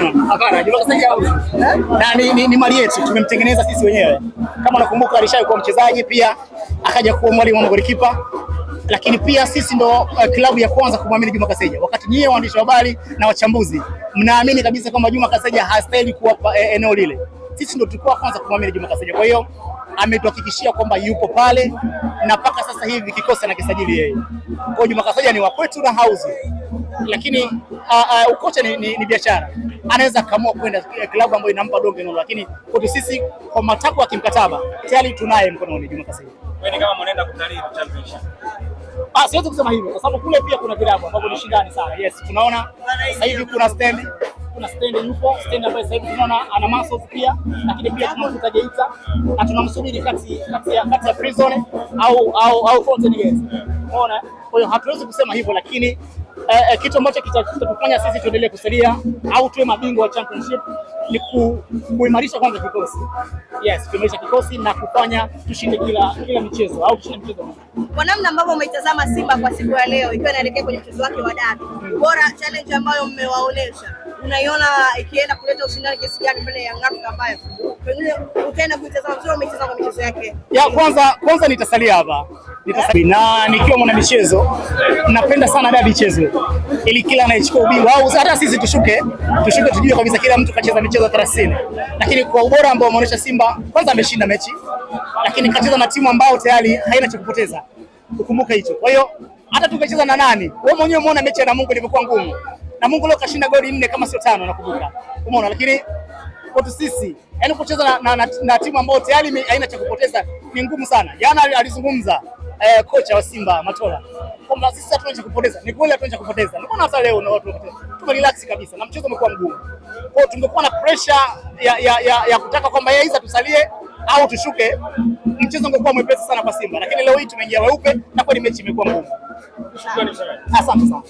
Hapana, hapana. Na ni, ni, ni mali yetu tumemtengeneza sisi wenyewe. Kama nakumbuka alishaye kuwa mchezaji pia akaja kuwa mwalimu wa golikipa lakini pia sisi ndo uh, klabu ya kwanza kumwamini Juma Kaseja, wakati nyie waandishi wa habari na wachambuzi mnaamini kabisa kwamba Juma Kaseja hastahili kuwa eh, eneo lile, sisi ndo tulikuwa kwanza kumwamini Juma Kaseja. Kwa hiyo ametuhakikishia kwamba yupo pale na mpaka sasa hivi kikosi anakisajili yeye. Kwa hiyo Juma Kasaja ni wa kwetu na hauzi, lakini uh, uh, ukocha ni, ni, ni biashara, anaweza akaamua kwenda klabu ambayo inampa donge nono, lakini kwetu sisi kwa matakwa ya kimkataba tayari tunaye mkononi Juma Kasaja. Wewe kama mnaenda kutalii championship Ah, siwezi kusema hivyo kwa sababu kule pia kuna vilabu ambavyo ni shindani sana. Yes, tunaona sasa hivi kuna stendi kuna stendi yupo, stendi ambayo sasa hivi tunaona ana muscles pia, lakini pia tunamkuta Geita na tunamsubiri kati kati ya kati ya Prison au au au Fountain Gate. Unaona, kwa hiyo hatuwezi kusema hivyo, lakini eh, eh, kitu ambacho kitatufanya sisi tuendelee kusalia au tuwe mabingwa wa championship ni kuimarisha kwanza kikosi. Yes, kuimarisha kikosi na kufanya tushinde kila kila michezo au tushinde mchezo. Kwa namna ambavyo umeitazama Simba kwa siku ya leo, ikiwa inaelekea kwenye mchezo wake wa dabi, bora challenge ambayo mmewaonesha, unaiona ikienda kuleta ushindani kiasi gani mbele ya Yanga ambayo pengine utaenda kuitazama vizuri, umeitazama kwa michezo yake ya kwanza? Kwanza nitasalia hapa na nikiwa mwana michezo napenda sana dabi chezo, ili kila anayechukua ubingwa au hata sisi tushuke tushuke, tujue kabisa kila mtu kacheza michezo 30, lakini kwa ubora ambao ameonyesha Simba, kwanza ameshinda mechi, lakini kacheza na timu ambao tayari haina cha kupoteza kukumbuka hicho. Kwa hiyo hata tukicheza na nani, wewe mwenyewe umeona mechi na Mungu ilivyokuwa ngumu. na Mungu leo kashinda goli nne kama sio tano, nakumbuka. Umeona, lakini kwetu sisi yani kucheza na, na, na, na timu ambayo tayari haina cha kupoteza ni ngumu sana. Jana alizungumza eh, kocha wa Simba Matola kwamba sisi hatuna cha kupoteza. Ni kweli hatuna cha kupoteza. Ndio maana hata leo na watu wote relax kabisa na mchezo umekuwa mgumu. Kwa hiyo tungekuwa na pressure ya, ya, ya, ya kutaka kwamba yeye iza tusalie au tushuke, mchezo ungekuwa mwepesi sana kwa Simba, lakini leo hii tumeingia weupe na kweli mechi imekuwa ngumu. Asante sana.